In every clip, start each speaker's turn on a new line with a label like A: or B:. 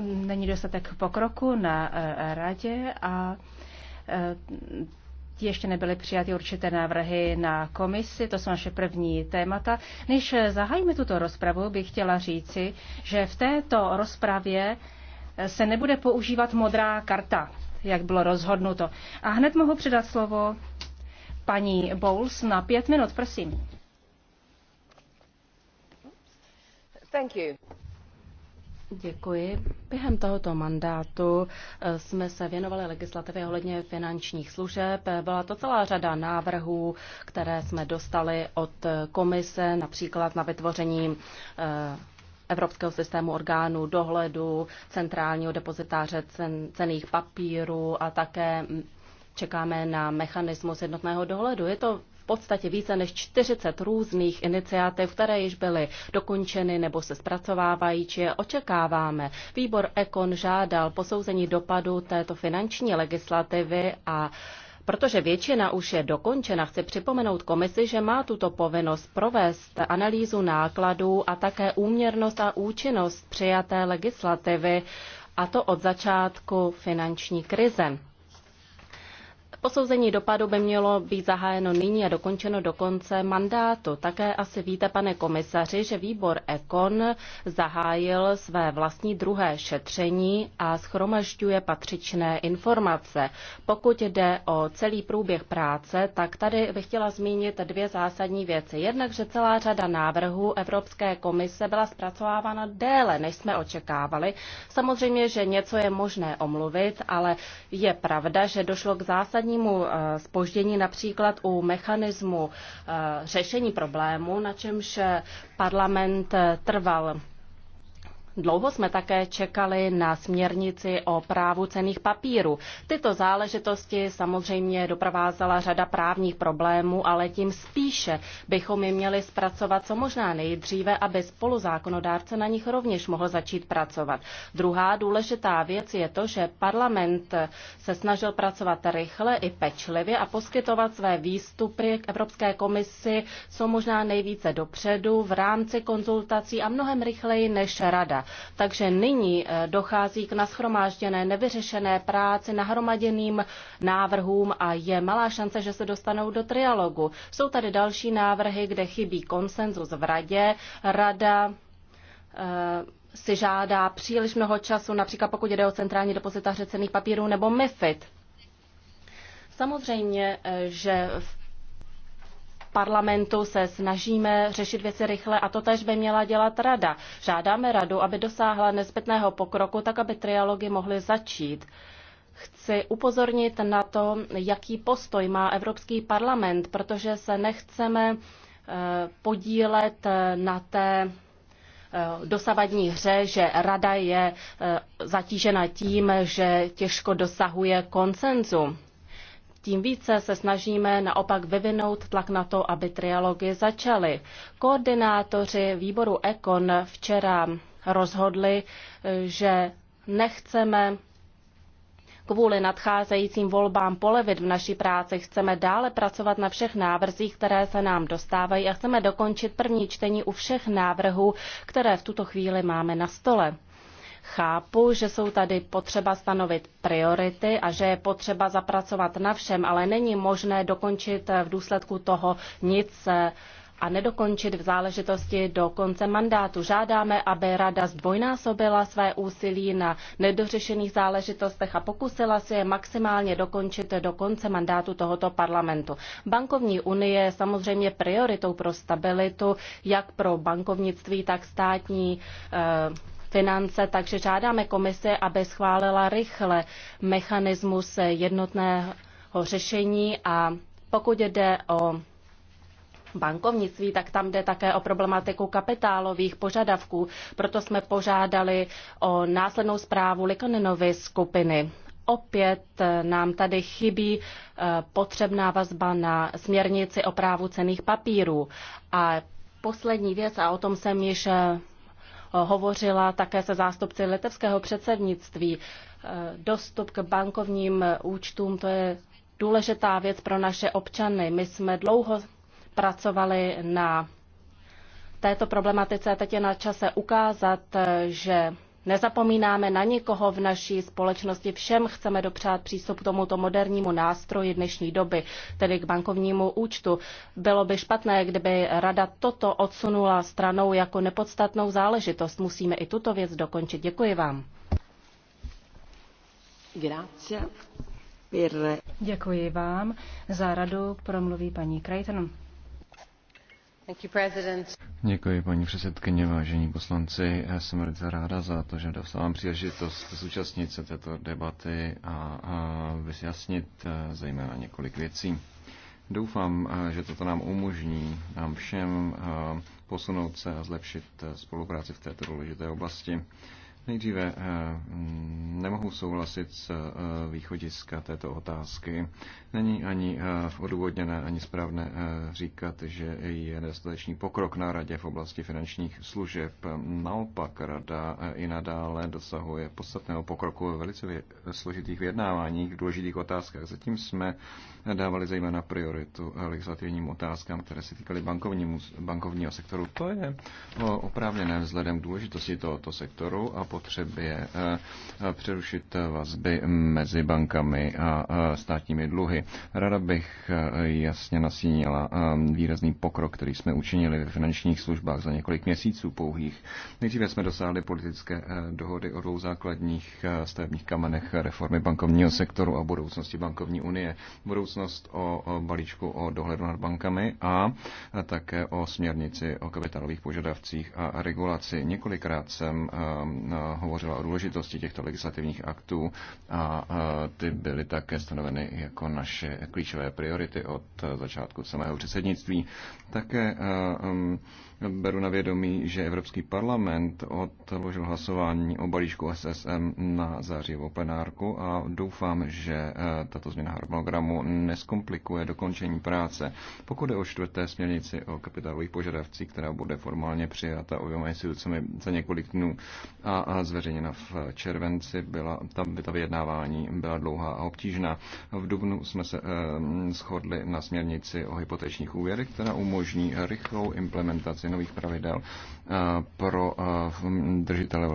A: Není dostatek pokroku na eh, radě a eh, ještě nebyly přijaty určité návrhy na komisi, to jsou naše první témata. Než eh, zahájíme tuto rozpravu, bych chtěla říci, že v této rozpravě se nebude používat modrá karta, jak bylo rozhodnuto. A hned mohu předat slovo paní Bowles na pět
B: minut, prosím. Thank you. Děkuji. Během tohoto mandátu eh, jsme se věnovali legislativě ohledně finančních služeb. Byla to celá řada návrhů, které jsme dostali od komise, například na vytvoření eh, Evropského systému orgánů dohledu, centrálního depozitáře cen, cených papírů a také mm, čekáme na mechanismus jednotného dohledu. Je to podstatě více než 40 různých iniciativ, které již byly dokončeny nebo se zpracovávají, či je očekáváme. Výbor Ekon žádal posouzení dopadu této finanční legislativy a Protože většina už je dokončena, chci připomenout komisi, že má tuto povinnost provést analýzu nákladů a také úměrnost a účinnost přijaté legislativy, a to od začátku finanční krize. Posouzení dopadu by mělo být zahájeno nyní a dokončeno do konce mandátu. Také asi víte, pane komisaři, že výbor Ekon zahájil své vlastní druhé šetření a schromažďuje patřičné informace. Pokud jde o celý průběh práce, tak tady bych chtěla zmínit dvě zásadní věci. Jednak, že celá řada návrhů Evropské komise byla zpracovávána déle, než jsme očekávali. Samozřejmě, že něco je možné omluvit, ale je pravda, že došlo k zásadní zásadnímu spoždění eh, například u mechanismu eh, řešení problému, na čemž eh, parlament trval. Dlouho jsme také čekali na směrnici o právu cených papírů. Tyto záležitosti samozřejmě doprovázela řada právních problémů, ale tím spíše bychom je měli zpracovat co možná nejdříve, aby spoluzákonodárce na nich rovněž mohl začít pracovat. Druhá důležitá věc je to, že parlament se snažil pracovat rychle i pečlivě a poskytovat své výstupy k Evropské komisi co možná nejvíce dopředu v rámci konzultací a mnohem rychleji než rada. Takže nyní eh, dochází k naschromážděné, nevyřešené práci, nahromaděným návrhům a je malá šance, že se dostanou do trialogu. Jsou tady další návrhy, kde chybí konsenzus v radě. Rada eh, si žádá příliš mnoho času, například pokud jde o centrální depozitáře cených papírů nebo MIFID. Samozřejmě, eh, že v parlamentu se snažíme řešit věci rychle a to tež by měla dělat rada. Žádáme radu, aby dosáhla nezbytného pokroku, tak aby trialogy mohly začít. Chci upozornit na to, jaký postoj má Evropský parlament, protože se nechceme eh, podílet eh, na té eh, dosavadní hře, že rada je zatížena tím, že těžko dosahuje koncenzu tím více se snažíme naopak vyvinout tlak na to, aby trialogy začaly. Koordinátoři výboru Ekon včera rozhodli, že nechceme Kvůli nadcházejícím volbám polevit v naší práci chceme dále pracovat na všech návrzích, které se nám dostávají a chceme dokončit první čtení u všech návrhů, které v tuto chvíli máme na stole. Chápu, že jsou tady potřeba stanovit priority a že je potřeba zapracovat na všem, ale není možné dokončit v důsledku toho nic a nedokončit v záležitosti do konce mandátu. Žádáme, aby rada zdvojnásobila své úsilí na nedořešených záležitostech a pokusila se je maximálně dokončit do konce mandátu tohoto parlamentu. Bankovní unie je samozřejmě prioritou pro stabilitu jak pro bankovnictví, tak státní eh, finance, takže žádáme Komise, aby schválila rychle mechanismus jednotného řešení a pokud jde o bankovnictví, tak tam jde také o problematiku kapitálových požadavků. Proto jsme požádali o následnou zprávu Likonenovy skupiny. Opět eh, nám tady chybí eh, potřebná vazba na směrnici o právu cených papírů. A poslední věc, a o tom jsem již eh, hovořila také se zástupci litevského předsednictví. Eh, Dostup k bankovním účtům, to je důležitá věc pro naše občany. My jsme dlouho pracovali na této problematice a teď je na čase ukázat, eh, že Nezapomínáme na nikoho v naší společnosti. Všem chceme dopřát přístup k tomuto modernímu nástroji dnešní doby, tedy k bankovnímu účtu. Bylo by špatné, kdyby rada toto odsunula stranou jako nepodstatnou záležitost. Musíme i tuto věc dokončit. Děkuji vám. Grazie.
A: Děkuji vám. Za radu promluví paní Krajten.
C: Děkuji, paní předsedkyně, vážení poslanci. Já jsem velice ráda za to, že dostávám příležitost zúčastnit se této debaty a, a vysjasnit e, zejména několik věcí. Doufám, e, že toto nám umožní nám všem e, posunout se a zlepšit spolupráci v této důležité oblasti. Nejdříve eh, mm, nemohu souhlasit s eh, východiska této otázky. Není ani eh, odůvodněné, ani správné říkat, že je nedostatečný pokrok na radě v oblasti finančních služeb. Naopak rada i nadále dosahuje podstatného pokroku ve velice složitých vyjednáváních v důležitých otázkách. Zatím jsme dávali zejména prioritu legislativním otázkám, které se týkaly bankovnímu, bankovního sektoru. To je oprávněné vzhledem k důležitosti tohoto sektoru a potřebě eh, přerušit vazby mezi bankami a eh, státními dluhy. Rada bych eh, jasně nasínila výrazný pokrok, který jsme učinili ve finančních službách za několik měsíců pouhých. Nejdříve jsme dosáhli politické dohody o dvou základních stavebních kamenech reformy bankovního sektoru a budoucnosti bankovní unie. Budoucnosti budoucnost o balíčku o dohledu nad bankami a také o směrnici o kapitálových požadavcích a regulaci. Několikrát jsem eh, eh, hovořila o důležitosti těchto legislativních aktů a eh, ty byly také stanoveny jako naše klíčové priority od začátku samého předsednictví. Také mm, Beru na vědomí, že Evropský parlament odložil hlasování o balíčku SSM na zářijovou plenárku a doufám, že eh, tato změna harmonogramu neskomplikuje dokončení práce. Pokud je o čtvrté směrnici o kapitálových požadavcích, která bude formálně přijata oběma institucemi za několik dnů a zveřejněna v červenci, byla ta, ta vyjednávání byla dlouhá a obtížná. V dubnu jsme se eh, shodli na směrnici o hypotečních úvěrech, která umožní rychlou implementaci nových pravidel eh, pro eh, držitele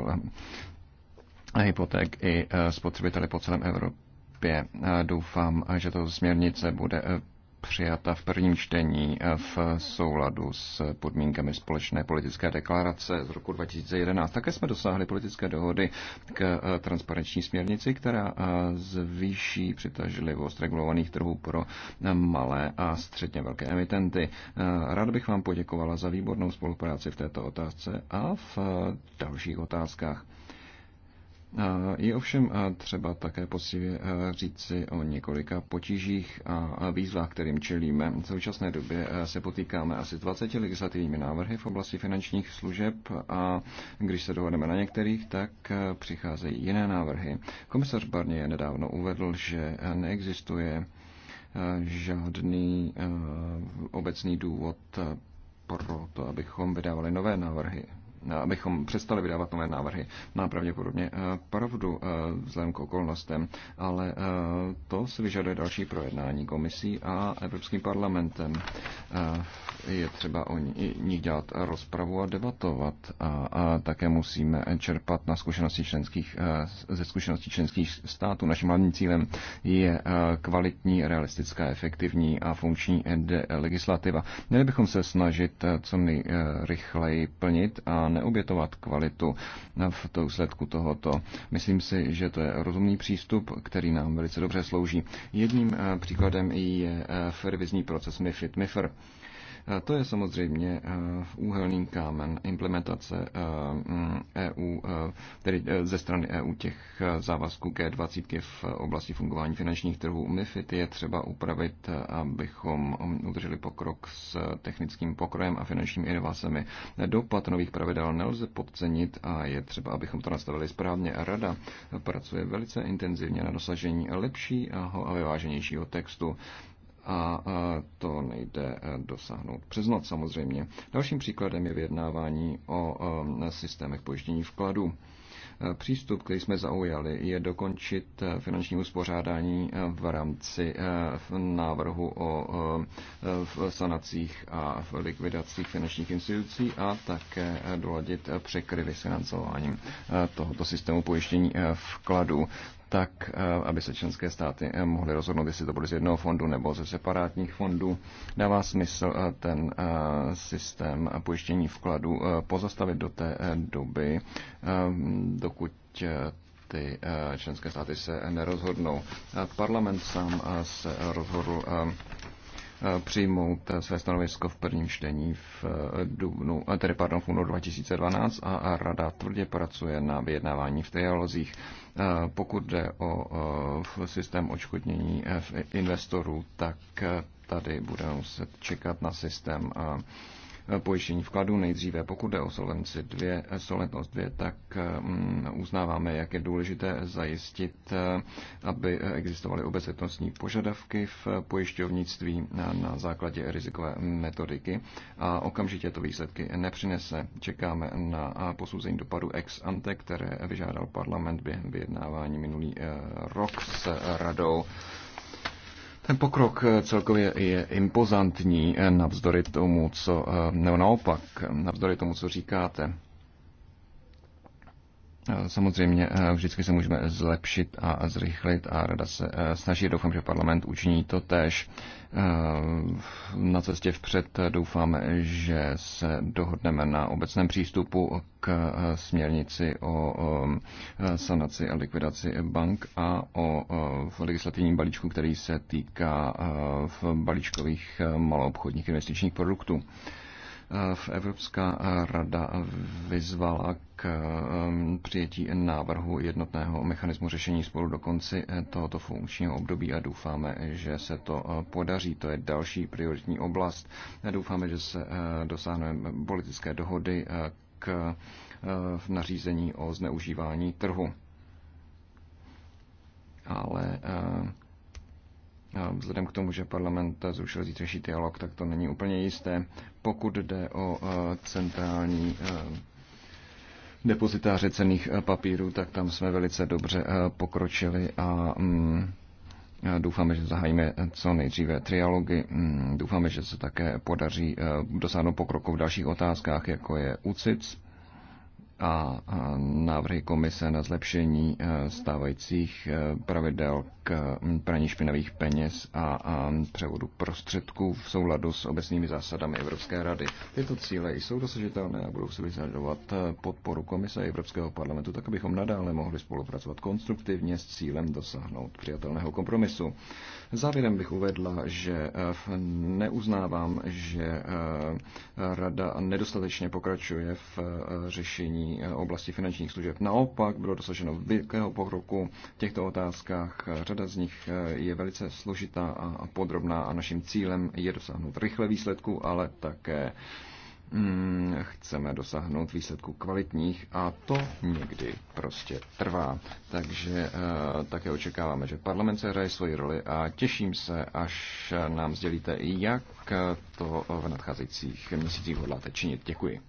C: eh, hypoték i spotřebitele po celém Evropě. Doufám, že to směrnice bude přijata v prvním čtení v souladu s podmínkami společné politické deklarace z roku 2011. Také jsme dosáhli politické dohody k e, transparenční směrnici, která e, zvýší přitažlivost regulovaných trhů pro e, malé a středně velké emitenty. Rád bych vám poděkovala za výbornou spolupráci v této otázce a v dalších otázkách. Je ovšem třeba také poctivě říci o několika potížích a výzvách, kterým čelíme. V současné době se potýkáme asi 20 legislativními návrhy v oblasti finančních služeb a když se dohodneme na některých, tak přicházejí jiné návrhy. Komisař Barnier nedávno uvedl, že neexistuje žádný obecný důvod pro to, abychom vydávali nové návrhy abychom přestali vydávat nové návrhy. Má pravděpodobně eh, pravdu eh, vzhledem k okolnostem, ale eh, to se vyžaduje další projednání komisí a Evropským parlamentem. Je třeba o nich dělat rozpravu a debatovat a, a také musíme čerpat na zkušenosti členských, ze zkušeností členských států. Naším hlavním cílem je kvalitní, realistická, efektivní a funkční legislativa. Měli bychom se snažit co nejrychleji plnit a neobětovat kvalitu v důsledku tohoto. Myslím si, že to je rozumný přístup, který nám velice dobře slouží. Jedním eh, příkladem je eh, revizní proces MIFID-MIFR. Eh, to je samozřejmě eh, úhelný kámen implementace EU, eh, mm, e tedy ze strany EU těch závazků G20 v oblasti fungování finančních trhů. MIFID je třeba upravit, abychom mm, udrželi pokrok s technickým pokrojem a finančními inovacemi. Dopad nových pravidel nelze podcenit a je třeba, abychom to nastavili správně. Rada pracuje velice intenzivně na dosažení lepšího a vyváženějšího textu a to nejde eh, dosáhnout přes noc samozřejmě. Dalším příkladem je vyjednávání o eh, systémech pojištění vkladů. Eh, přístup, který jsme zaujali, je dokončit finanční uspořádání v rámci návrhu o sanacích a v likvidacích finančních institucí a také doladit překryvy s financováním tohoto systému pojištění vkladů tak eh, aby se členské státy eh, mohly rozhodnout, jestli to bude z jednoho fondu nebo ze separátních fondů. Dává smysl eh, ten systém pojištění vkladů pozastavit do té doby, dokud ty členské státy se nerozhodnou. Parlament sám se rozhodl Eh, přijmout své stanovisko v prvním čtení v eh, dubnu, eh, tedy pardon, v únoru 2012 a rada tvrdě pracuje na vyjednávání v trialozích. Pokud jde o systém očkodnění investorů, tak tady budeme muset čekat na systém pojištění vkladů nejdříve. Pokud jde o solvenci 2, solventnost 2, tak mm, uznáváme, jak je důležité zajistit, aby existovaly obecnostní požadavky v pojišťovnictví na základě rizikové metodiky a okamžitě to výsledky nepřinese. Čekáme na posouzení dopadu ex ante, které vyžádal parlament během vyjednávání minulý eh, rok s radou. Ten pokrok eh, celkově je impozantní eh, navzdory tomu, co, eh, nebo naopak, navzdory tomu, co říkáte. Eh, samozřejmě eh, vždycky se můžeme zlepšit a zrychlit a rada se eh, snaží. Doufám, že parlament učiní to tež. Na cestě vpřed doufáme, že se dohodneme na obecném přístupu k směrnici o sanaci a likvidaci bank a o legislativním balíčku, který se týká v balíčkových maloobchodních investičních produktů. V Evropská rada vyzvala k ehm, přijetí návrhu jednotného mechanismu řešení spolu do konci eh, tohoto funkčního období a doufáme, že se to eh, podaří. To je další prioritní oblast. Doufáme, že se eh, dosáhneme politické dohody k nařízení o zneužívání trhu. Ale Vzhledem k tomu, že parlament zrušil zítřejší dialog, tak to není úplně jisté. Pokud jde o centrální depozitáře cených eh, papírů, tak tam jsme velice dobře eh, pokročili mm, a Doufáme, že zahájíme eh, co nejdříve trialogy. Mm, doufáme, že se také podaří dosáhnout pokroku v dalších otázkách, jako je UCITS a návrhy komise na zlepšení e, stávajících e, pravidel k praní špinavých peněz a převodu prostředků v souladu s obecnými zásadami Evropské rady. Tyto cíle jsou dosažitelné a budou si vyžadovat e, podporu komise a Evropského parlamentu, tak abychom nadále mohli spolupracovat konstruktivně s cílem dosáhnout přijatelného kompromisu. Závěrem bych uvedla, že neuznávám, že rada nedostatečně pokračuje v řešení oblasti finančních služeb. Naopak bylo dosaženo velkého pokroku v těchto otázkách. Řada z nich eh, je velice složitá a podrobná a naším cílem je dosáhnout rychle výsledku, ale také hmm, chceme dosáhnout výsledku kvalitních a to někdy prostě trvá. Takže eh, také očekáváme, že parlament se hraje svoji roli a těším se, až nám sdělíte, jak to v nadcházejících měsících hodláte činit. Děkuji.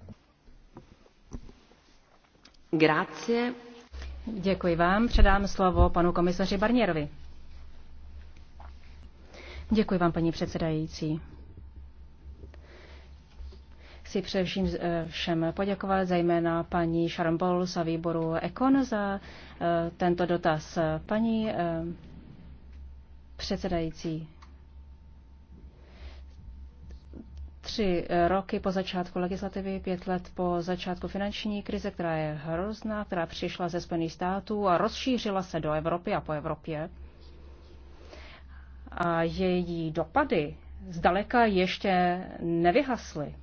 A: Grazie. Děkuji vám. Předám slovo panu komisaři Barnierovi. Děkuji vám, paní předsedající. Chci především eh, všem poděkovat, zejména paní Sharon Bowles a výboru ECON za eh, tento dotaz. Paní eh, předsedající, tři roky po začátku legislativy, pět let po začátku finanční krize, která je hrozná, která přišla ze Spojených států a rozšířila se do Evropy a po Evropě. A její dopady zdaleka ještě nevyhasly.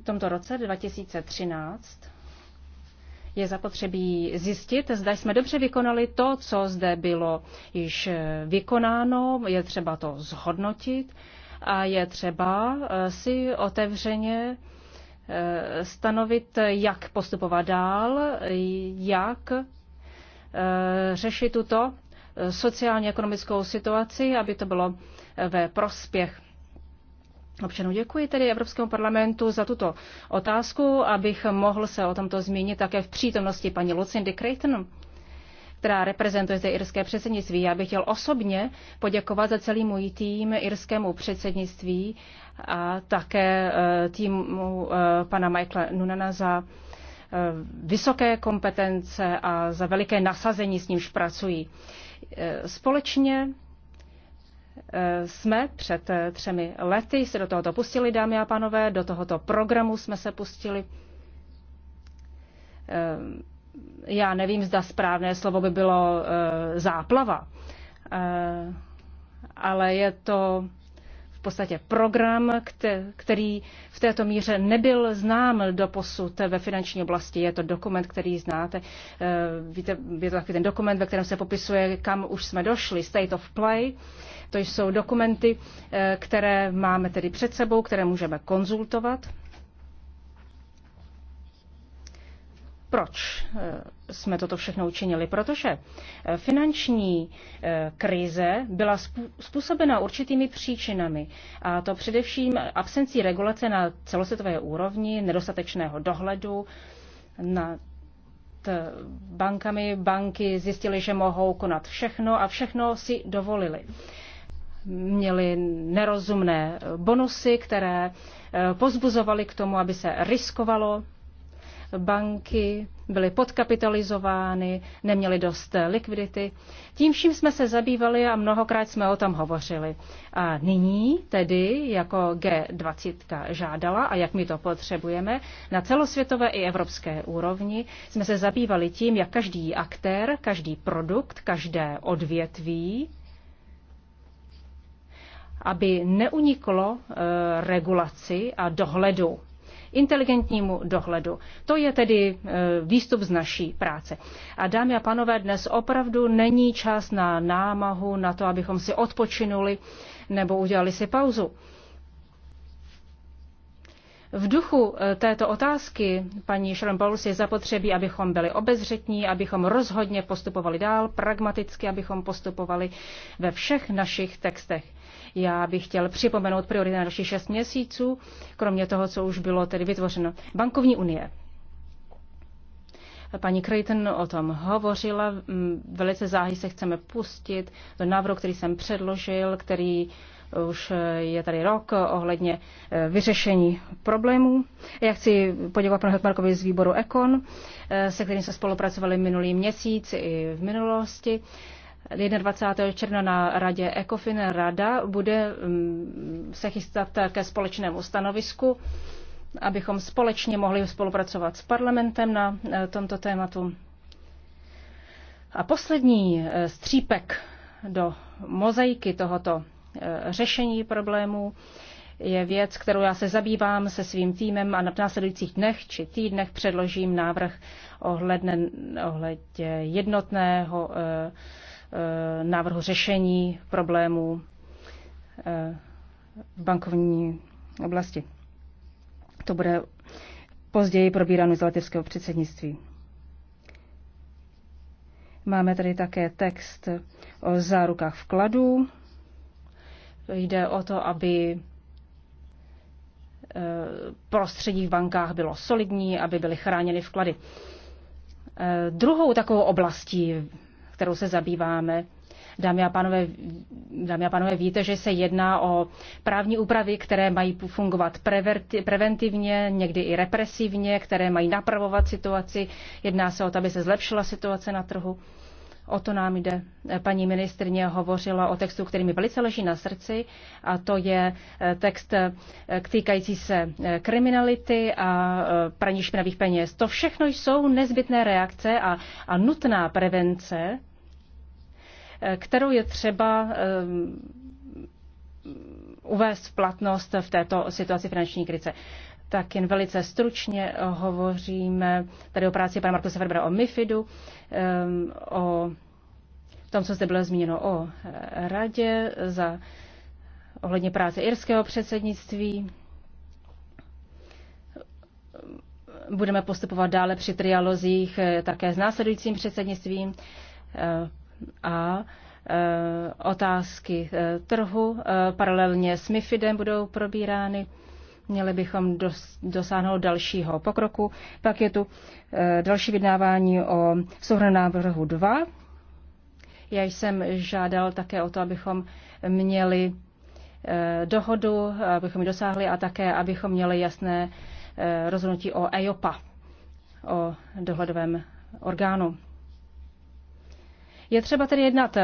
A: V tomto roce 2013 je zapotřebí zjistit, zda jsme dobře vykonali to, co zde bylo již vykonáno, je třeba to zhodnotit a je třeba eh, si otevřeně eh, stanovit, jak postupovat dál, jak eh, řešit tuto sociálně ekonomickou situaci, aby to bylo ve prospěch občanů. Děkuji tedy Evropskému parlamentu za tuto otázku, abych mohl se o tomto zmínit také v přítomnosti paní Lucindy Creighton která reprezentuje zde irské předsednictví. Já bych chtěl osobně poděkovat za celý můj tým irskému předsednictví a také eh, týmu eh, pana Michaela Nunana za eh, vysoké kompetence a za veliké nasazení, s nímž pracují. Společně jsme před třemi lety se do tohoto pustili, dámy a pánové, do tohoto programu jsme se pustili já nevím, zda správné slovo by bylo eh, záplava, eh, ale je to v podstatě program, který v této míře nebyl znám do posud ve finanční oblasti. Je to dokument, který znáte. Eh, víte, je to takový ten dokument, ve kterém se popisuje, kam už jsme došli, state of play. To jsou dokumenty, které máme tedy před sebou, které můžeme konzultovat Proč eh, jsme toto všechno učinili? Protože eh, finanční eh, krize byla způsobena určitými příčinami, a to především absencí regulace na celosvětové úrovni, nedostatečného dohledu nad bankami. Banky zjistily, že mohou konat všechno a všechno si dovolili měli nerozumné bonusy, které pozbuzovaly k tomu, aby se riskovalo banky byly podkapitalizovány, neměly dost eh, likvidity. Tím vším jsme se zabývali a mnohokrát jsme o tom hovořili. A nyní tedy jako G20 žádala a jak my to potřebujeme, na celosvětové i evropské úrovni jsme se zabývali tím, jak každý aktér, každý produkt, každé odvětví aby neuniklo e, regulaci a dohledu inteligentnímu dohledu. To je tedy eh, výstup z naší práce. A dámy a panové, dnes opravdu není čas na námahu, na to, abychom si odpočinuli nebo udělali si pauzu. V duchu e, této otázky, paní Sharon Bowles, je zapotřebí, abychom byli obezřetní, abychom rozhodně postupovali dál, pragmaticky, abychom postupovali ve všech našich textech. Já bych chtěl připomenout priority na dalších šest měsíců, kromě toho, co už bylo tedy vytvořeno. Bankovní unie. Paní Creighton o tom hovořila, velice záhy se chceme pustit do návrhu, který jsem předložil, který už je tady rok ohledně eh, vyřešení problémů. Já chci poděkovat panu Hetmarkovi z výboru Ekon, eh, se kterým se spolupracovali minulý měsíc i v minulosti. 21. června na radě ECOFIN rada bude mm, se chystat ke společnému stanovisku, abychom společně mohli spolupracovat s parlamentem na eh, tomto tématu. A poslední střípek do mozaiky tohoto Eh, řešení problémů je věc, kterou já se zabývám se svým týmem a v následujících dnech či týdnech předložím návrh ohledne, ohledně jednotného eh, eh, návrhu řešení problémů v bankovní oblasti. To bude později probíráno z letevského předsednictví. Máme tady také text o zárukách vkladů. Jde o to, aby e, prostředí v bankách bylo solidní, aby byly chráněny vklady. E, druhou takovou oblastí, kterou se zabýváme, Dámy a, pánové, dámy a pánové, víte, že se jedná o právní úpravy, které mají fungovat preventivně, někdy i represivně, které mají napravovat situaci. Jedná se o to, aby se zlepšila situace na trhu. O to nám jde. Paní ministrně hovořila o textu, který mi velice leží na srdci, a to je eh, text eh, týkající se eh, kriminality a praní špinavých peněz. To všechno jsou nezbytné reakce a, a nutná prevence, kterou je třeba um, uvést v platnost v této situaci finanční krize tak jen velice stručně hovoříme tady o práci pana Markusa Ferbera o MIFIDu, ehm, o tom, co zde bylo zmíněno o radě za ohledně práce irského předsednictví. Budeme postupovat dále při trialozích eh, také s následujícím předsednictvím eh, a eh, otázky trhu paralelně s MIFIDem budou probírány. Měli bychom dos, dosáhnout dalšího pokroku. Pak je tu e, další vydávání o souhrnném návrhu 2. Já jsem žádal také o to, abychom měli e, dohodu, abychom ji dosáhli a také, abychom měli jasné e, rozhodnutí o EIOPA, o dohledovém orgánu. Je třeba tedy jednat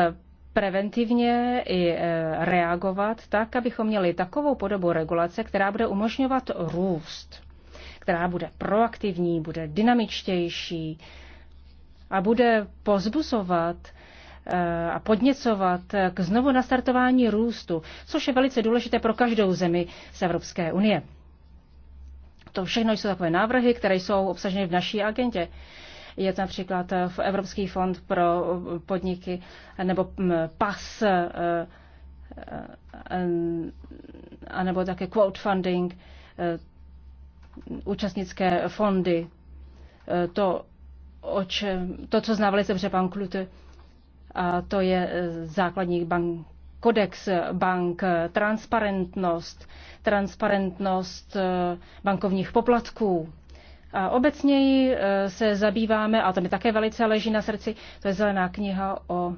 A: preventivně i e, reagovat tak, abychom měli takovou podobu regulace, která bude umožňovat růst, která bude proaktivní, bude dynamičtější a bude pozbuzovat e, a podněcovat k znovu nastartování růstu, což je velice důležité pro každou zemi z Evropské unie. To všechno jsou takové návrhy, které jsou obsaženy v naší agentě je to například eh, v Evropský fond pro eh, podniky nebo mm, PAS, eh, nebo také quote funding, účastnické fondy. To, o čem, to co zná velice dobře pan Klute, a to je základní bank, kodex bank, transparentnost, transparentnost bankovních poplatků, a obecněji e, se zabýváme, a to mi také velice leží na srdci, to je zelená kniha o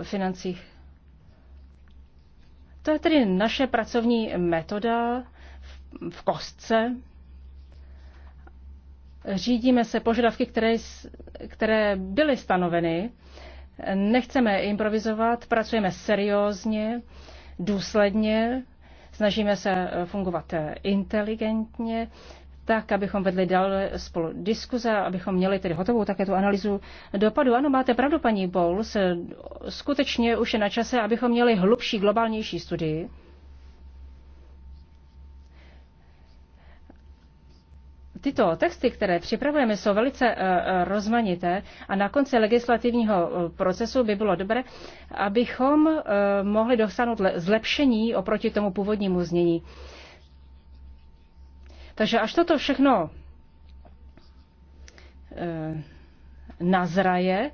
A: e, financích. To je tedy naše pracovní metoda v kostce. Řídíme se požadavky, které, které byly stanoveny. Nechceme improvizovat, pracujeme seriózně, důsledně, snažíme se fungovat inteligentně, tak, abychom vedli dál spolu diskuze, abychom měli tedy hotovou také tu analýzu dopadu. Ano, máte pravdu, paní Bowles, skutečně už je na čase, abychom měli hlubší, globálnější studii. Tyto texty, které připravujeme, jsou velice eh, eh, rozmanité a na konci legislativního eh, procesu by bylo dobré, abychom mohli dosáhnout zlepšení oproti tomu původnímu znění. Takže až toto všechno eh, nazraje,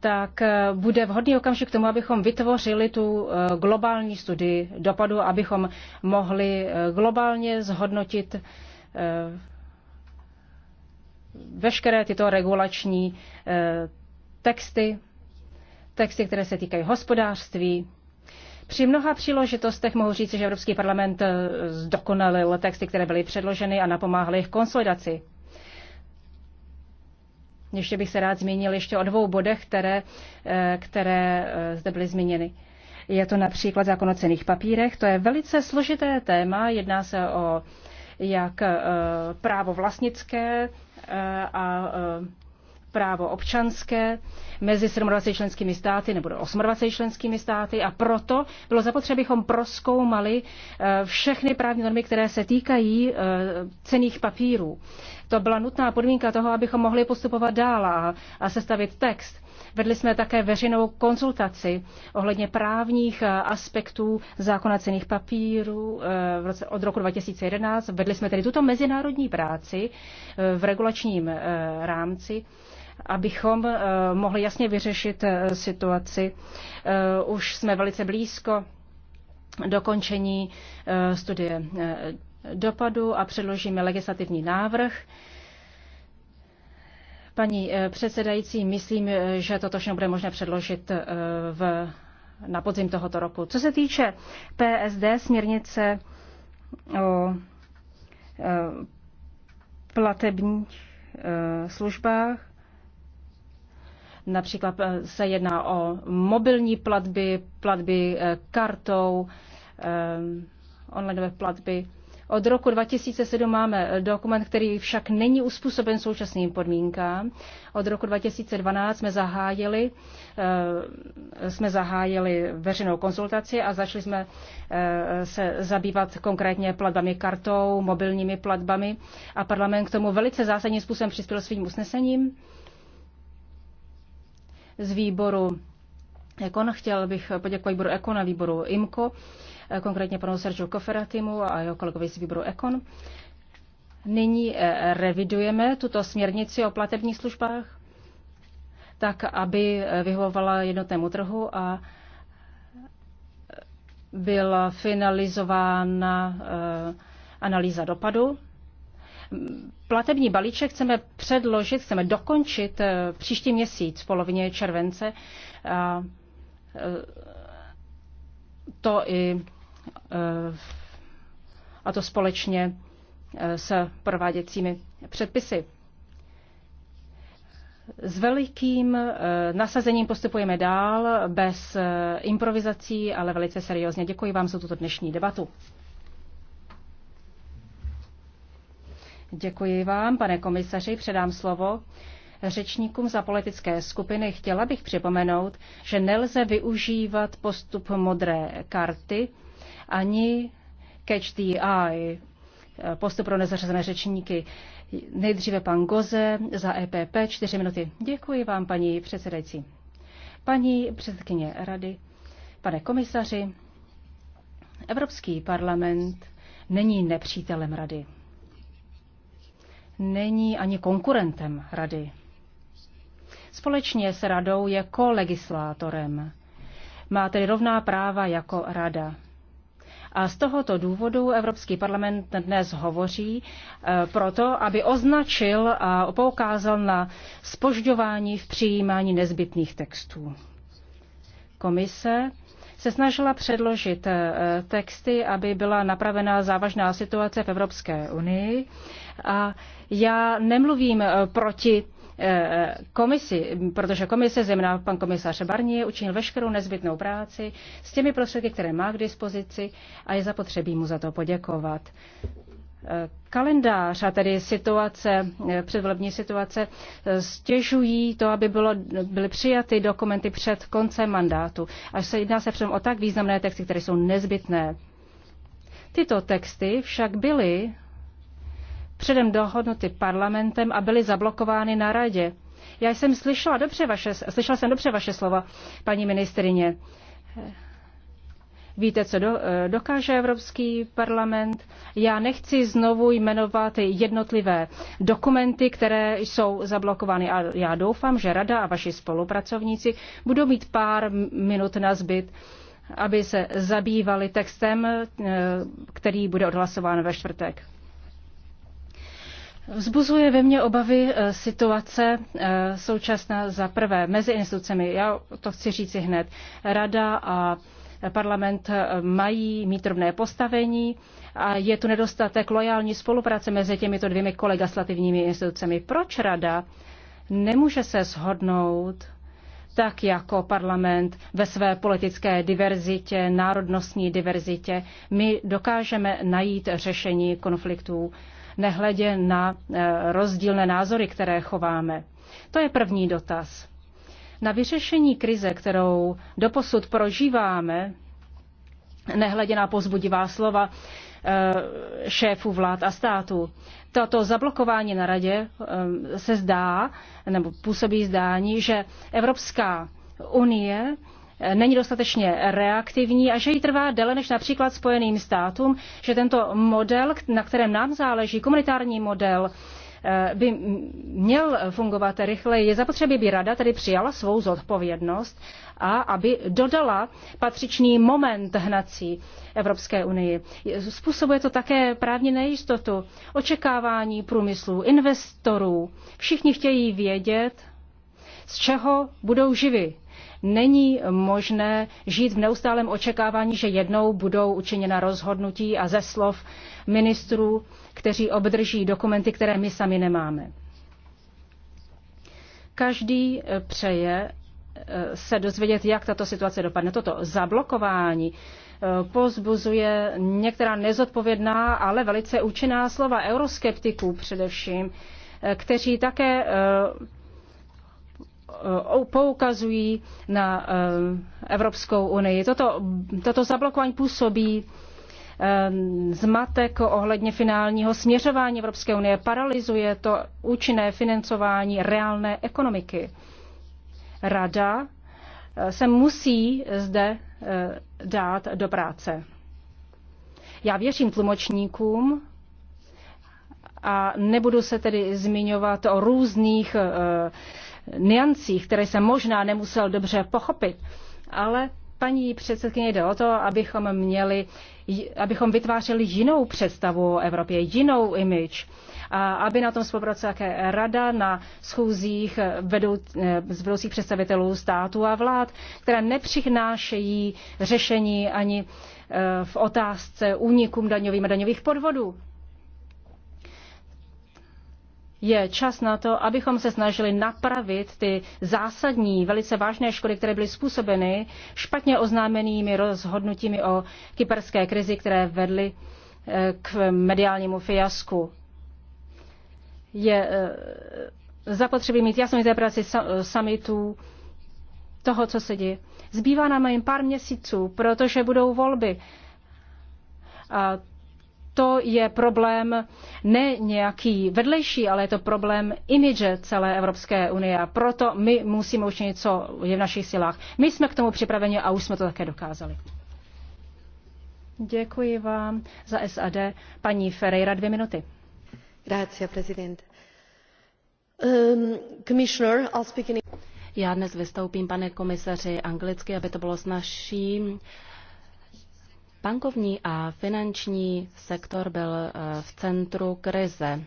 A: tak eh, bude vhodný okamžik k tomu, abychom vytvořili tu eh, globální studii dopadu, abychom mohli globálně zhodnotit veškeré tyto regulační texty, texty, které se týkají hospodářství, při mnoha příležitostech mohu říct, že Evropský parlament eh, zdokonalil texty, které byly předloženy a napomáhaly jejich konsolidaci. Ještě bych se rád zmínil ještě o dvou bodech, které, eh, které eh, zde byly zmíněny. Je to například zákon o cených papírech. To je velice složité téma. Jedná se o jak právo vlastnické a právo občanské mezi 27 členskými státy nebo 28 členskými státy a proto bylo zapotřebí, abychom proskoumali eh, všechny právní normy, které se týkají eh, cených papírů. To byla nutná podmínka toho, abychom mohli postupovat dál a sestavit text. Vedli jsme také veřejnou konzultaci ohledně právních eh, aspektů zákona cených papírů eh, od roku 2011. Vedli jsme tedy tuto mezinárodní práci eh, v regulačním rámci abychom mohli jasně vyřešit situaci. Už jsme velice blízko dokončení studie dopadu a předložíme legislativní návrh Paní eh, předsedající, myslím, eh, že toto všechno bude možné předložit eh, v, na podzim tohoto roku. Co se týče PSD, směrnice o platebních službách, například se jedná o mobilní platby, platby kartou, onlineové platby. Od roku 2007 máme dokument, který však není uspůsoben současným podmínkám. Od roku 2012 jsme zahájili, eh, jsme zahájili veřejnou konzultaci a začali jsme eh, se zabývat konkrétně platbami kartou, mobilními platbami a parlament k tomu velice zásadním způsobem přispěl svým usnesením z výboru Ekon. Chtěl bych poděkovat výboru Ekon a výboru IMKO Eh, konkrétně panu Sergio Koferatimu a jeho kolegovi z výboru Econ. Nyní eh, revidujeme tuto směrnici o platebních službách tak, aby eh, vyhovovala jednotnému trhu a byla finalizována analýza dopadu. Platební balíček chceme předložit, chceme dokončit příští měsíc, v polovině července. To i Eh, a to společně eh, s prováděcími předpisy. S velikým eh, nasazením postupujeme dál, bez improvizací, ale velice seriózně. Děkuji vám za tuto dnešní debatu. Děkuji vám, pane komisaři, předám slovo řečníkům za politické skupiny. Chtěla bych připomenout, že nelze využívat postup modré karty, ani catch the eye, postup pro nezařazené řečníky. Nejdříve pan Goze za EPP, čtyři minuty. Děkuji vám, paní předsedající. Paní předsedkyně rady, pane komisaři, Evropský parlament není nepřítelem rady. Není ani konkurentem rady. Společně s radou je kolegislátorem. Má tedy rovná práva jako rada. A z tohoto důvodu Evropský parlament dnes hovoří eh, proto, aby označil a poukázal na spožďování v přijímání nezbytných textů. Komise se snažila předložit eh, texty, aby byla napravena závažná situace v Evropské unii. A já nemluvím eh, proti komisi, protože komise, zejména pan komisař Barnier, učinil veškerou nezbytnou práci s těmi prostředky, které má k dispozici a je zapotřebí mu za to poděkovat kalendář a tedy situace, předvolební situace stěžují to, aby bylo, byly přijaty dokumenty před koncem mandátu. Až se jedná se předem o tak významné texty, které jsou nezbytné. Tyto texty však byly předem dohodnuty parlamentem a byly zablokovány na radě. Já jsem slyšela dobře vaše, slyšela jsem dobře vaše slova, paní ministrině. Víte, co do, dokáže Evropský parlament? Já nechci znovu jmenovat jednotlivé dokumenty, které jsou zablokovány. A já doufám, že Rada a vaši spolupracovníci budou mít pár minut na zbyt, aby se zabývali textem, eh, který bude odhlasován ve čtvrtek. Vzbuzuje ve mně obavy eh, situace eh, současná za prvé mezi institucemi. Já to chci říci hned. Rada a parlament eh, mají mít rovné postavení a je tu nedostatek lojální spolupráce mezi těmito dvěmi kolegaslativními institucemi. Proč rada nemůže se shodnout tak jako parlament ve své politické diverzitě, národnostní diverzitě, my dokážeme najít řešení konfliktů nehledě na eh, rozdílné názory, které chováme. To je první dotaz. Na vyřešení krize, kterou doposud prožíváme, nehledě na pozbudivá slova eh, šéfů vlád a států. Toto zablokování na radě eh, se zdá, nebo působí zdání, že Evropská unie není dostatečně reaktivní a že jí trvá déle než například Spojeným státům, že tento model, na kterém nám záleží, komunitární model, eh, by měl fungovat rychleji, je zapotřebí, aby rada tedy přijala svou zodpovědnost a aby dodala patřičný moment hnací Evropské unii. Způsobuje to také právní nejistotu, očekávání průmyslu, investorů. Všichni chtějí vědět, z čeho budou živi Není možné žít v neustálém očekávání, že jednou budou učiněna rozhodnutí a ze slov ministrů, kteří obdrží dokumenty, které my sami nemáme. Každý eh, přeje eh, se dozvědět, jak tato situace dopadne. Toto zablokování eh, pozbuzuje některá nezodpovědná, ale velice účinná slova euroskeptiků především, kteří také Eh, poukazují na eh, Evropskou unii. Toto, toto zablokování působí eh, zmatek ohledně finálního směřování Evropské unie. Paralizuje to účinné financování reálné ekonomiky. Rada se musí zde dát do práce. Já věřím tlumočníkům a nebudu se tedy zmiňovat o různých niancích, které jsem možná nemusel dobře pochopit, ale paní předsedkyně jde o to, abychom měli, abychom vytvářeli jinou představu o Evropě, jinou image. A aby na tom spolupracovala také rada na schůzích vedou, eh, z vedoucích představitelů států a vlád, které nepřinášejí řešení ani eh, v otázce únikům daňovým a daňových podvodů je čas na to, abychom se snažili napravit ty zásadní, velice vážné škody, které byly způsobeny špatně oznámenými rozhodnutími o kyperské krizi, které vedly eh, k mediálnímu fiasku. Je eh, zapotřebí mít jasnou interpretaci samitů toho, co se děje. Zbývá nám jen pár měsíců, protože budou volby. A to je problém ne nějaký vedlejší, ale je to problém imidže celé Evropské unie. A proto my musíme učinit, co je v našich silách. My jsme k tomu připraveni a už jsme to také dokázali. Děkuji vám za SAD. Paní Ferreira,
B: dvě minuty. Grazie, prezident. Um, commissioner, I'll speak in... Já dnes vystoupím, pane komisaři, anglicky, aby to bylo naším Uh, Bankovní a finanční sektor byl eh, v centru krize.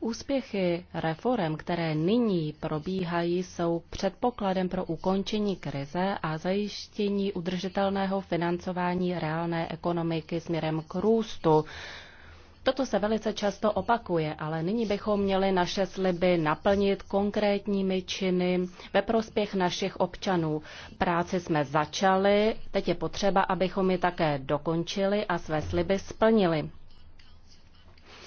B: Úspěchy reform, které nyní probíhají, jsou předpokladem pro ukončení krize a zajištění udržitelného financování reálné ekonomiky směrem k růstu. Toto se velice často opakuje, ale nyní bychom měli naše sliby naplnit konkrétními činy ve prospěch našich občanů. Práci jsme začali, teď je potřeba, abychom ji také dokončili a své sliby splnili.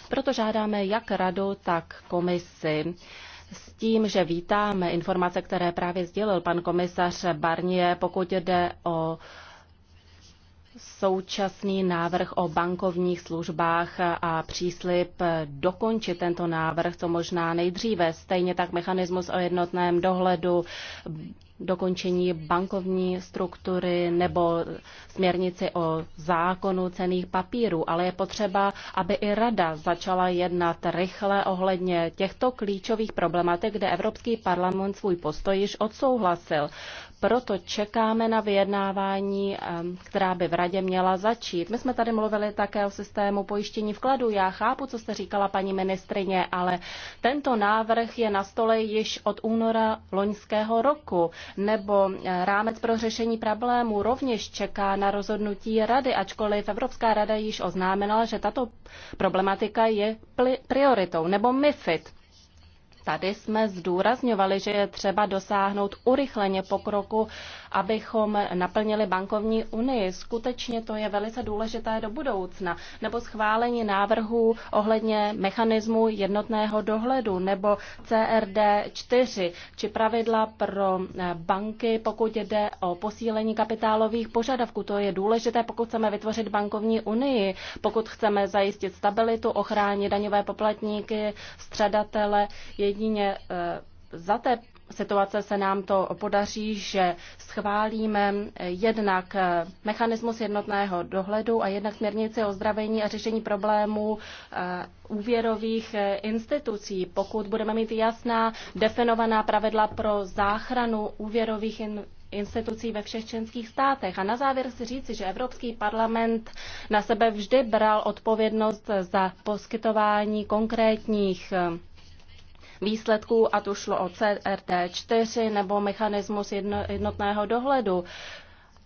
B: Proto žádáme jak radu, tak komisi s tím, že vítáme informace, které právě sdělil pan komisař Barnier, pokud jde o současný návrh o bankovních službách a příslip dokončit tento návrh, co možná nejdříve. Stejně tak mechanismus o jednotném dohledu, dokončení bankovní struktury nebo směrnici o zákonu cených papírů, ale je potřeba, aby i Rada začala jednat rychle ohledně těchto klíčových problematik, kde Evropský parlament svůj postoj již odsouhlasil proto čekáme na vyjednávání, která by v radě měla začít. My jsme tady mluvili také o systému pojištění vkladu. Já chápu, co jste říkala, paní ministrině, ale tento návrh je na stole již od února loňského roku, nebo eh, rámec pro řešení problémů rovněž čeká na rozhodnutí rady, ačkoliv Evropská rada již oznámila, že tato problematika je prioritou, nebo MIFID. Tady jsme zdůrazňovali, že je třeba dosáhnout urychleně pokroku, abychom naplnili bankovní unii. Skutečně to je velice důležité do budoucna. Nebo schválení návrhů ohledně mechanismu jednotného dohledu, nebo CRD 4, či pravidla pro eh, banky, pokud jde o posílení kapitálových požadavků. To je důležité, pokud chceme vytvořit bankovní unii, pokud chceme zajistit stabilitu, ochránit daňové poplatníky, středatele, Je jedině eh, za té situace se nám to podaří, že schválíme eh, jednak eh, mechanismus jednotného dohledu a jednak směrnici o zdravení a řešení problémů úvěrových institucí. Pokud budeme mít jasná definovaná pravidla pro záchranu úvěrových institucí, institucí ve všech členských státech. A na závěr si říci, že Evropský parlament na sebe vždy bral odpovědnost za poskytování konkrétních výsledků, a to šlo o CRT4 nebo mechanismus jednotného dohledu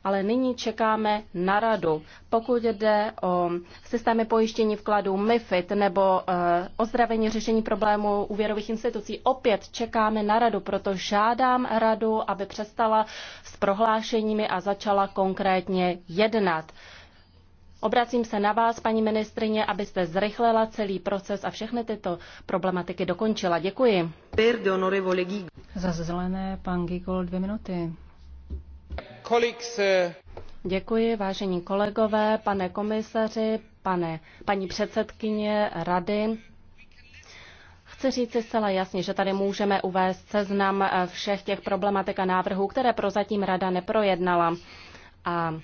B: ale nyní čekáme na radu. Pokud jde o systémy pojištění vkladů MIFID nebo eh, ozdravení řešení problémů úvěrových institucí, opět čekáme na radu, proto žádám radu, aby přestala s prohlášeními a začala konkrétně jednat. Obracím se na vás, paní ministrině, abyste zrychlila celý proces a všechny tyto problematiky dokončila. Děkuji. Za zelené, pan Gigol, dvě minuty. Eh, Děkuji, vážení kolegové, pane komisaři, pane, paní předsedkyně rady. Chci říci zcela jasně, že tady můžeme uvést seznam eh, všech těch problematik a návrhů, které prozatím rada neprojednala. A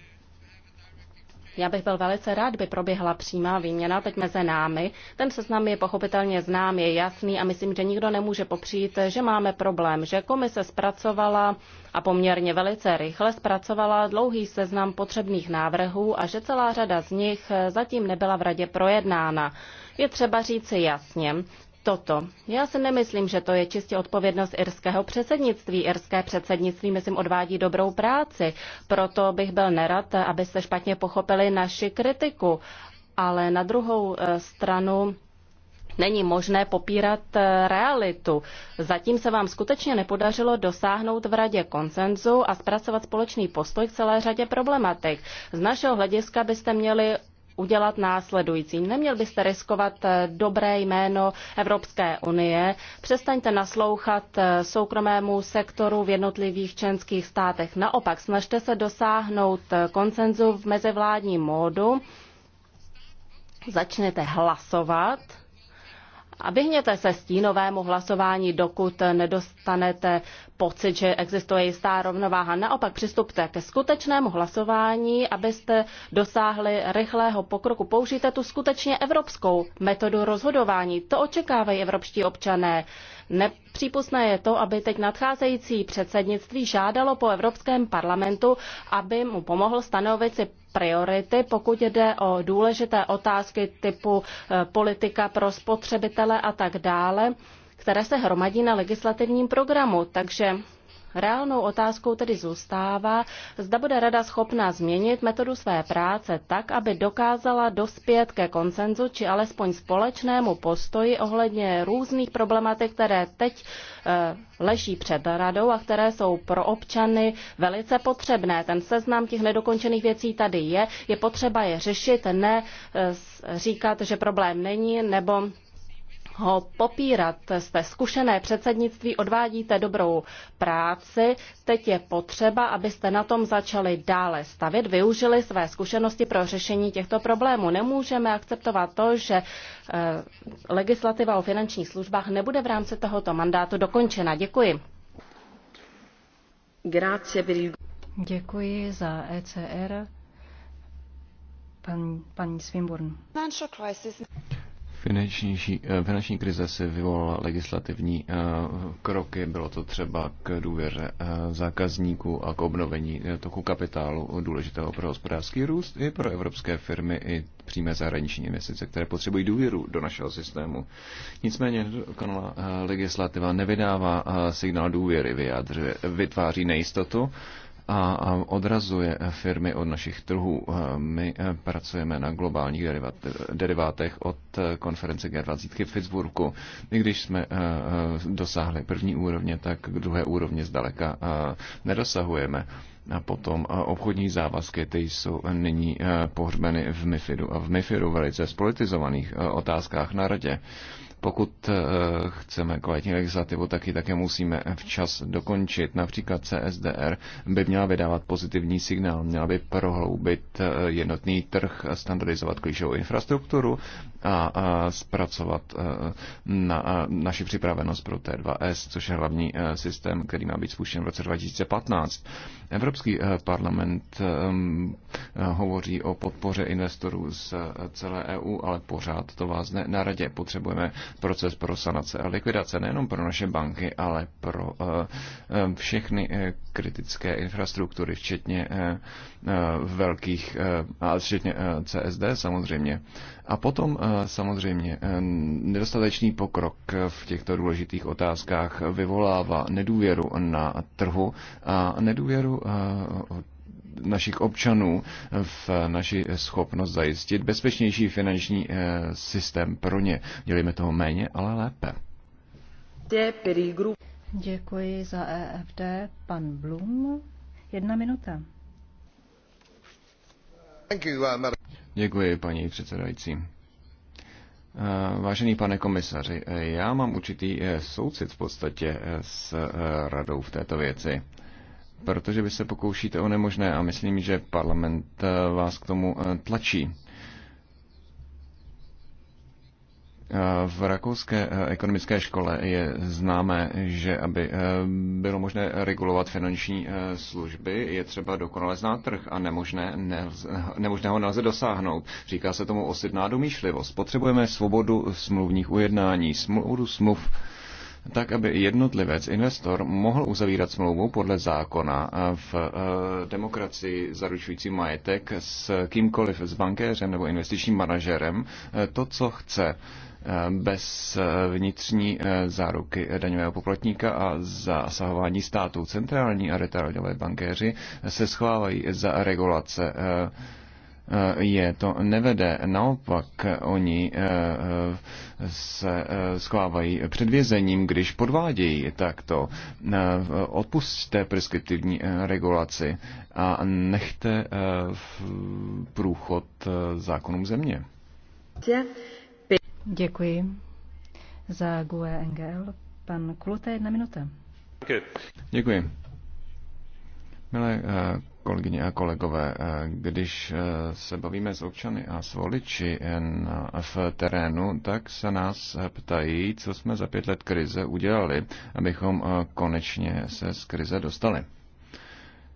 B: já bych byl velice rád, by proběhla přímá výměna teď mezi námi. Ten seznam je pochopitelně znám, je jasný a myslím, že nikdo nemůže popřít, že máme problém, že komise zpracovala a poměrně velice rychle zpracovala dlouhý seznam potřebných návrhů a že celá řada z nich zatím nebyla v radě projednána. Je třeba říci jasně, toto. Já si nemyslím, že to je čistě odpovědnost irského předsednictví. Irské předsednictví, myslím, odvádí dobrou práci. Proto bych byl nerad, abyste špatně pochopili naši kritiku. Ale na druhou eh, stranu není možné popírat eh, realitu. Zatím se vám skutečně nepodařilo dosáhnout v radě konsenzu a zpracovat společný postoj k celé řadě problematik. Z našeho hlediska byste měli udělat následující. Neměl byste riskovat eh, dobré jméno Evropské unie. Přestaňte naslouchat eh, soukromému sektoru v jednotlivých členských státech. Naopak, snažte se dosáhnout eh, koncenzu v mezivládním módu. Začněte hlasovat a vyhněte se stínovému hlasování, dokud nedostanete pocit, že existuje jistá rovnováha. Naopak přistupte ke skutečnému hlasování, abyste dosáhli rychlého pokroku. Použijte tu skutečně evropskou metodu rozhodování. To očekávají evropští občané. Nepřípustné je to, aby teď nadcházející předsednictví žádalo po Evropském parlamentu, aby mu pomohl stanovit si priority, pokud jde o důležité otázky typu eh, politika pro spotřebitele a tak dále, které se hromadí na legislativním programu. Takže Reálnou otázkou tedy zůstává, zda bude Rada schopná změnit metodu své práce tak, aby dokázala dospět ke koncenzu či alespoň společnému postoji ohledně různých problematik, které teď eh, leží před Radou a které jsou pro občany velice potřebné. Ten seznam těch nedokončených věcí tady je, je potřeba je řešit, ne eh, říkat, že problém není, nebo ho popírat. Jste zkušené předsednictví, odvádíte dobrou práci. Teď je potřeba, abyste na tom začali dále stavit, využili své zkušenosti pro řešení těchto problémů. Nemůžeme akceptovat to, že eh, legislativa o finančních službách nebude v rámci tohoto mandátu dokončena. Děkuji.
A: Děkuji za ECR. Pan, paní Swinburne.
C: Finanční, eh, finanční krize si vyvolala legislativní eh, kroky, bylo to třeba k důvěře eh, zákazníků a k obnovení toku kapitálu důležitého pro hospodářský růst i pro evropské firmy i přímé zahraniční investice, které potřebují důvěru do našeho systému. Nicméně dokonalá legislativa nevydává signál důvěry, vyjadřuje, vytváří nejistotu a odrazuje firmy od našich trhů. My eh, pracujeme na globálních derivátech od eh, konference G20 v Pittsburghu. i když jsme eh, dosáhli první úrovně, tak k druhé úrovně zdaleka nedosahujeme. A potom obchodní závazky, ty jsou nyní pohřbeny v MIFIDu a v MIFIDu velice spolitizovaných otázkách na radě. Pokud eh, chceme kvalitní legislativu, tak ji také musíme včas dokončit. Například CSDR by měla vydávat pozitivní signál, měla by prohloubit eh, jednotný trh, standardizovat klíčovou infrastrukturu a zpracovat eh, na naši připravenost pro T2S, což je hlavní systém, který má být spuštěn v roce 2015. Evropský eh, parlament ehm, eh, hovoří o podpoře investorů z eh, celé EU, ale pořád to vás ne, na radě. Potřebujeme proces pro sanace a likvidace nejenom pro naše banky, ale pro všechny kritické infrastruktury, včetně Eh, velkých, eh, a zřejmě eh, CSD samozřejmě. A potom samozřejmě nedostatečný pokrok v těchto důležitých otázkách vyvolává nedůvěru na trhu a nedůvěru našich občanů v naši schopnost zajistit bezpečnější finanční systém pro ně. Dělíme toho méně, ale lépe.
A: Děkuji za EFD. Pan Blum, jedna minuta.
C: Uh, Děkuji, paní předsedající. Eh, vážený pane komisaři, eh, já mám určitý eh, soucit v podstatě s radou v této věci, protože vy se pokoušíte o nemožné a myslím, že parlament vás k tomu tlačí. V rakouské eh, ekonomické škole je známé, že aby eh, bylo možné regulovat finanční eh, služby, je třeba dokonale znát trh a nemožné, nemožného nelze dosáhnout. Říká se tomu osidná domýšlivost. Potřebujeme svobodu smluvních ujednání, svobodu smluv tak, aby jednotlivec, investor, mohl uzavírat smlouvu podle zákona v demokracii zaručující majetek s kýmkoliv, s bankéřem nebo investičním manažerem, to, co chce Eh, bez eh, vnitřní eh, záruky daňového poplatníka a zasahování států. Centrální a detailové bankéři se schovávají za regulace je to nevede. Naopak oni se schovávají před vězením, když podvádějí takto. Odpustte preskriptivní regulaci a nechte průchod zákonům země.
A: Děkuji. Za GUE NGL pan Kluta jedna minuta.
C: Děkuji. Milé eh, kolegyně a kolegové, eh, když eh, se bavíme s občany a s voliči v terénu, tak se nás ptají, co jsme za pět let krize udělali, abychom konečně se z krize dostali.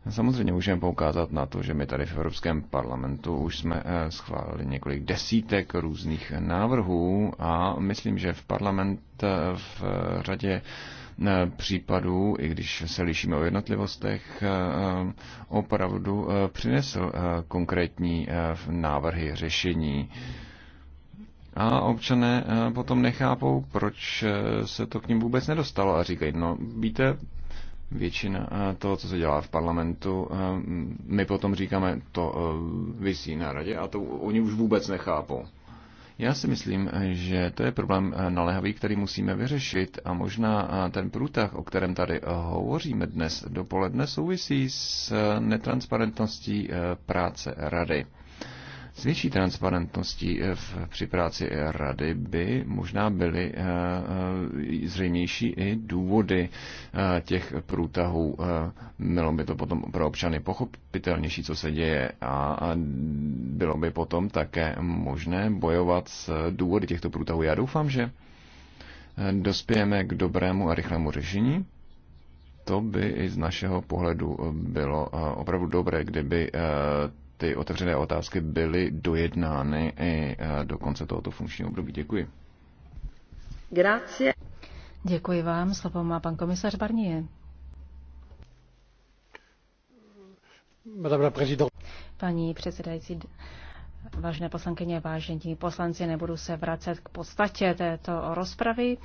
C: Samozřejmě můžeme poukázat na to, že my tady v Evropském parlamentu už jsme eh, schválili několik desítek různých návrhů a myslím, že v parlament eh, v řadě eh, případů, i když se lišíme o jednotlivostech, opravdu přinesl konkrétní návrhy řešení. A občané potom nechápou, proč se to k ním vůbec nedostalo a říkají, no víte, většina eh, toho, co se dělá v parlamentu, eh, my potom říkáme, to eh, vysí na radě a to oni už vůbec nechápou. Já si myslím, že to je problém naléhavý, který musíme vyřešit a možná ten průtah, o kterém tady hovoříme dnes dopoledne, souvisí s netransparentností práce rady. S větší transparentností eh, v, při práci rady by možná byly eh, eh, zřejmější i důvody těch průtahů. Bylo by to potom pro občany pochopitelnější, co se děje a bylo by potom také možné bojovat s důvody těchto průtahů. Já doufám, že dospějeme k dobrému a rychlému řešení to by i z našeho pohledu bylo opravdu dobré, kdyby ty otevřené otázky byly dojednány i e, do konce tohoto funkčního období. Děkuji.
A: Grazie. Děkuji vám. Slovo má pan komisař Barnier. Paní předsedající, vážné poslankyně, vážení poslanci, nebudu se vracet k podstatě této rozpravy.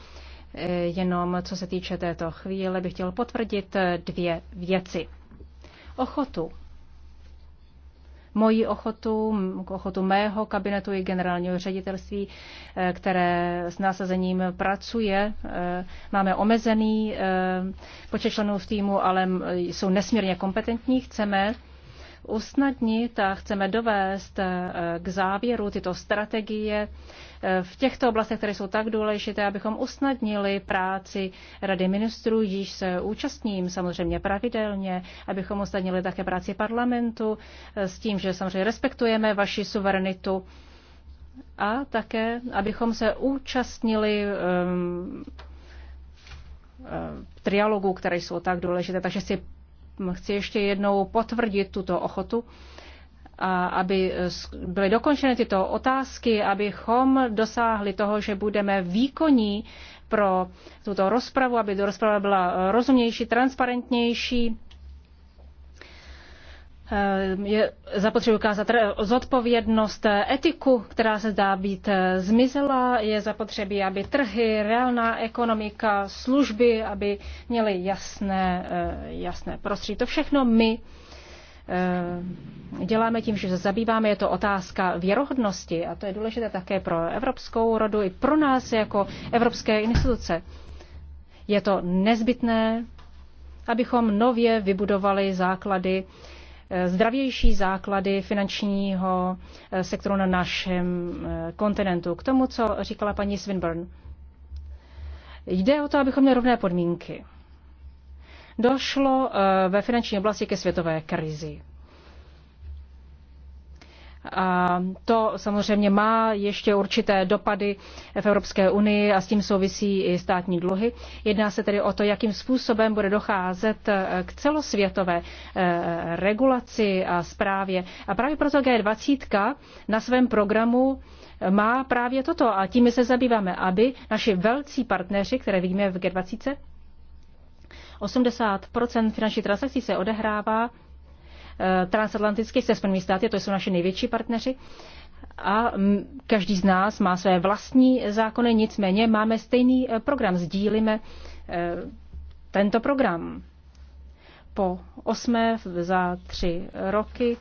A: E, jenom co se týče této chvíle, bych chtěl potvrdit dvě věci. Ochotu moji ochotu, ochotu mého kabinetu i generálního ředitelství, eh, které s násazením pracuje. Eh, máme omezený eh, počet členů v týmu, ale jsou nesmírně kompetentní. Chceme usnadnit a chceme dovést eh, k závěru tyto strategie eh, v těchto oblastech, které jsou tak důležité, abychom usnadnili práci Rady ministrů, již se účastním samozřejmě pravidelně, abychom usnadnili také práci parlamentu eh, s tím, že samozřejmě respektujeme vaši suverenitu a také, abychom se účastnili um, trialogů, které jsou tak důležité. Takže si chci ještě jednou potvrdit tuto ochotu, a aby byly dokončeny tyto otázky, abychom dosáhli toho, že budeme výkonní pro tuto rozpravu, aby do rozprava byla rozumnější, transparentnější Eh, je zapotřebí ukázat zodpovědnost, eh, etiku, která se zdá být eh, zmizela, je zapotřebí, aby trhy, reálná ekonomika, služby, aby měly jasné, jasné prostředí. To všechno my děláme tím, že se zabýváme, je to otázka věrohodnosti a to je důležité také pro evropskou rodu i pro nás jako evropské instituce. Je to nezbytné, abychom nově vybudovali základy zdravější základy finančního eh, sektoru na našem eh, kontinentu. K tomu, co říkala paní Swinburne. Jde o to, abychom měli rovné podmínky. Došlo eh, ve finanční oblasti ke světové krizi. A to samozřejmě má ještě určité dopady v Evropské unii a s tím souvisí i státní dluhy. Jedná se tedy o to, jakým způsobem bude docházet eh, k celosvětové eh, regulaci a zprávě. A právě proto G20 na svém programu eh, má právě toto a tím my se zabýváme, aby naši velcí partneři, které vidíme v G20, 80 finanční transakcí se odehrává Eh, transatlanticky se Spojenými státy, to jsou naše největší partneři. A mm, každý z nás má své vlastní zákony, nicméně máme stejný eh, program, sdílíme eh, tento program. Po osmé za tři roky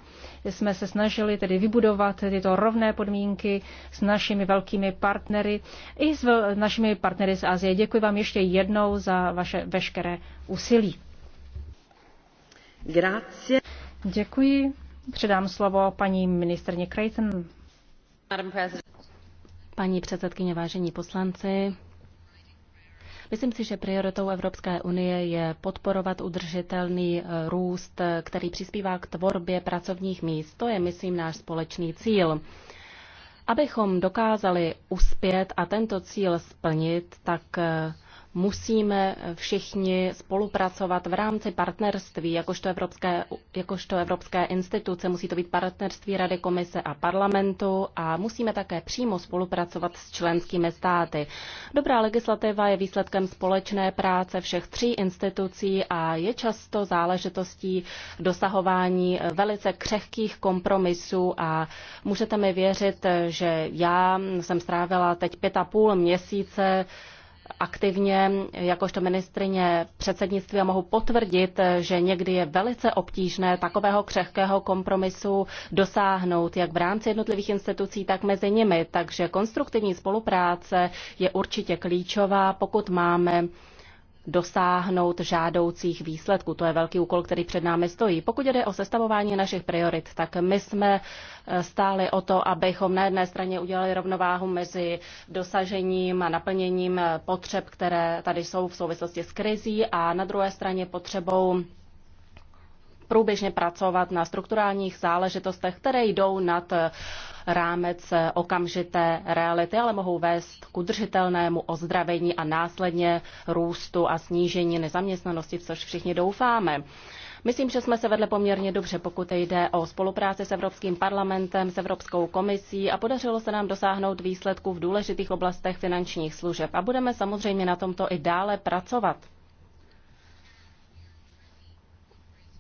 A: jsme se snažili tedy vybudovat tyto rovné podmínky s našimi velkými partnery i s našimi partnery z Asie. Děkuji vám ještě jednou za vaše veškeré úsilí. Grazie. Děkuji. Předám slovo
B: paní ministrně Krejten. Paní předsedkyně, vážení poslanci, Myslím si, že prioritou Evropské unie je podporovat udržitelný eh, růst, který přispívá k tvorbě pracovních míst. To je, myslím, náš společný cíl. Abychom dokázali uspět a tento cíl splnit, tak eh, musíme všichni spolupracovat v rámci partnerství, jakožto evropské, jakožto evropské instituce. Musí to být partnerství Rady komise a parlamentu a musíme také přímo spolupracovat s členskými státy. Dobrá legislativa je výsledkem společné práce všech tří institucí a je často záležitostí dosahování velice křehkých kompromisů a můžete mi věřit, že já jsem strávila teď pět a půl měsíce aktivně jakožto ministrině předsednictví a mohu potvrdit, že někdy je velice obtížné takového křehkého kompromisu dosáhnout jak v rámci jednotlivých institucí, tak mezi nimi. Takže konstruktivní spolupráce je určitě klíčová, pokud máme dosáhnout žádoucích výsledků. To je velký úkol, který před námi stojí. Pokud jde o sestavování našich priorit, tak my jsme eh, stáli o to, abychom na jedné straně udělali rovnováhu mezi dosažením a naplněním eh, potřeb, které tady jsou v souvislosti s krizí a na druhé straně potřebou průběžně pracovat na strukturálních záležitostech, které jdou nad eh, rámec eh, okamžité reality, ale mohou vést k udržitelnému ozdravení a následně růstu a snížení nezaměstnanosti, což všichni doufáme. Myslím, že jsme se vedle poměrně dobře, pokud jde o spolupráci s Evropským parlamentem, s Evropskou komisí a podařilo se nám dosáhnout výsledků v důležitých oblastech finančních služeb. A budeme samozřejmě na tomto i dále pracovat.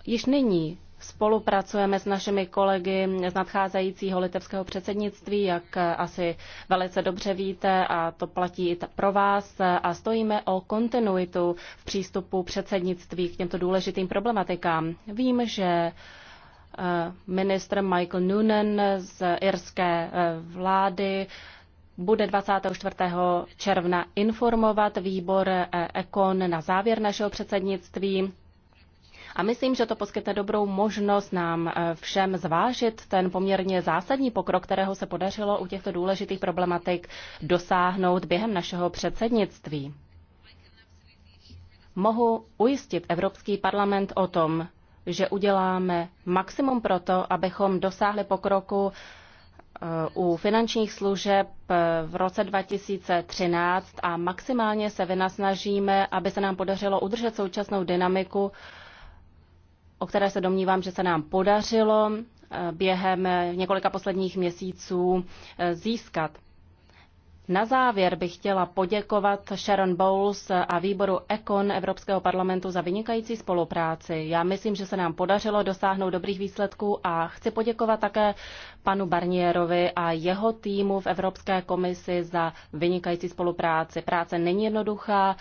B: Již nyní spolupracujeme s našimi kolegy z nadcházejícího litevského předsednictví, jak asi velice dobře víte, a to platí i pro vás, a stojíme o kontinuitu v přístupu předsednictví k těmto důležitým problematikám. Vím, že eh, ministr Michael Noonan z irské eh, vlády bude 24. června informovat výbor eh, ECON na závěr našeho předsednictví a myslím, že to poskytne dobrou možnost nám eh, všem zvážit ten poměrně zásadní pokrok, kterého se podařilo u těchto důležitých problematik dosáhnout během našeho předsednictví. Mohu ujistit Evropský parlament o tom, že uděláme maximum pro to, abychom dosáhli pokroku eh, u finančních služeb eh, v roce 2013 a maximálně se vynasnažíme, aby se nám podařilo udržet současnou dynamiku o které se domnívám, že se nám podařilo eh, během eh, několika posledních měsíců eh, získat. Na závěr bych chtěla poděkovat Sharon Bowles a výboru Econ Evropského parlamentu za vynikající spolupráci. Já myslím, že se nám podařilo dosáhnout dobrých výsledků a chci poděkovat také panu Barnierovi a jeho týmu v Evropské komisi za vynikající spolupráci. Práce není jednoduchá,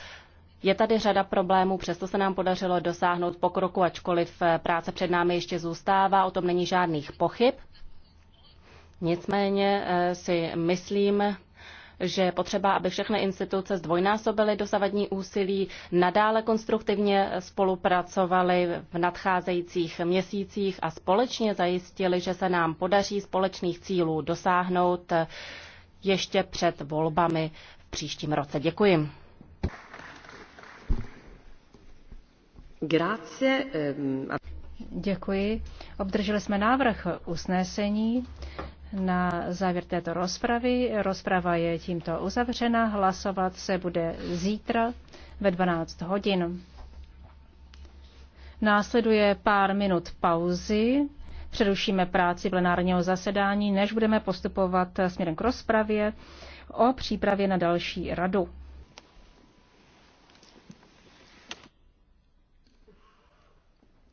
B: je tady řada problémů, přesto se nám podařilo dosáhnout pokroku, ačkoliv eh, práce před námi ještě zůstává, o tom není žádných pochyb. Nicméně eh, si myslím, že je potřeba, aby všechny instituce zdvojnásobily dosavadní úsilí, nadále konstruktivně spolupracovaly v nadcházejících měsících a společně zajistili, že se nám podaří společných cílů dosáhnout eh, ještě před volbami v příštím roce. Děkuji. Ehm,
A: Děkuji. Obdrželi jsme návrh usnesení na závěr této rozpravy. Rozprava je tímto uzavřena. Hlasovat se bude zítra ve 12 hodin. Následuje pár minut pauzy. Přerušíme práci plenárního zasedání, než budeme postupovat směrem k rozpravě o přípravě na další radu.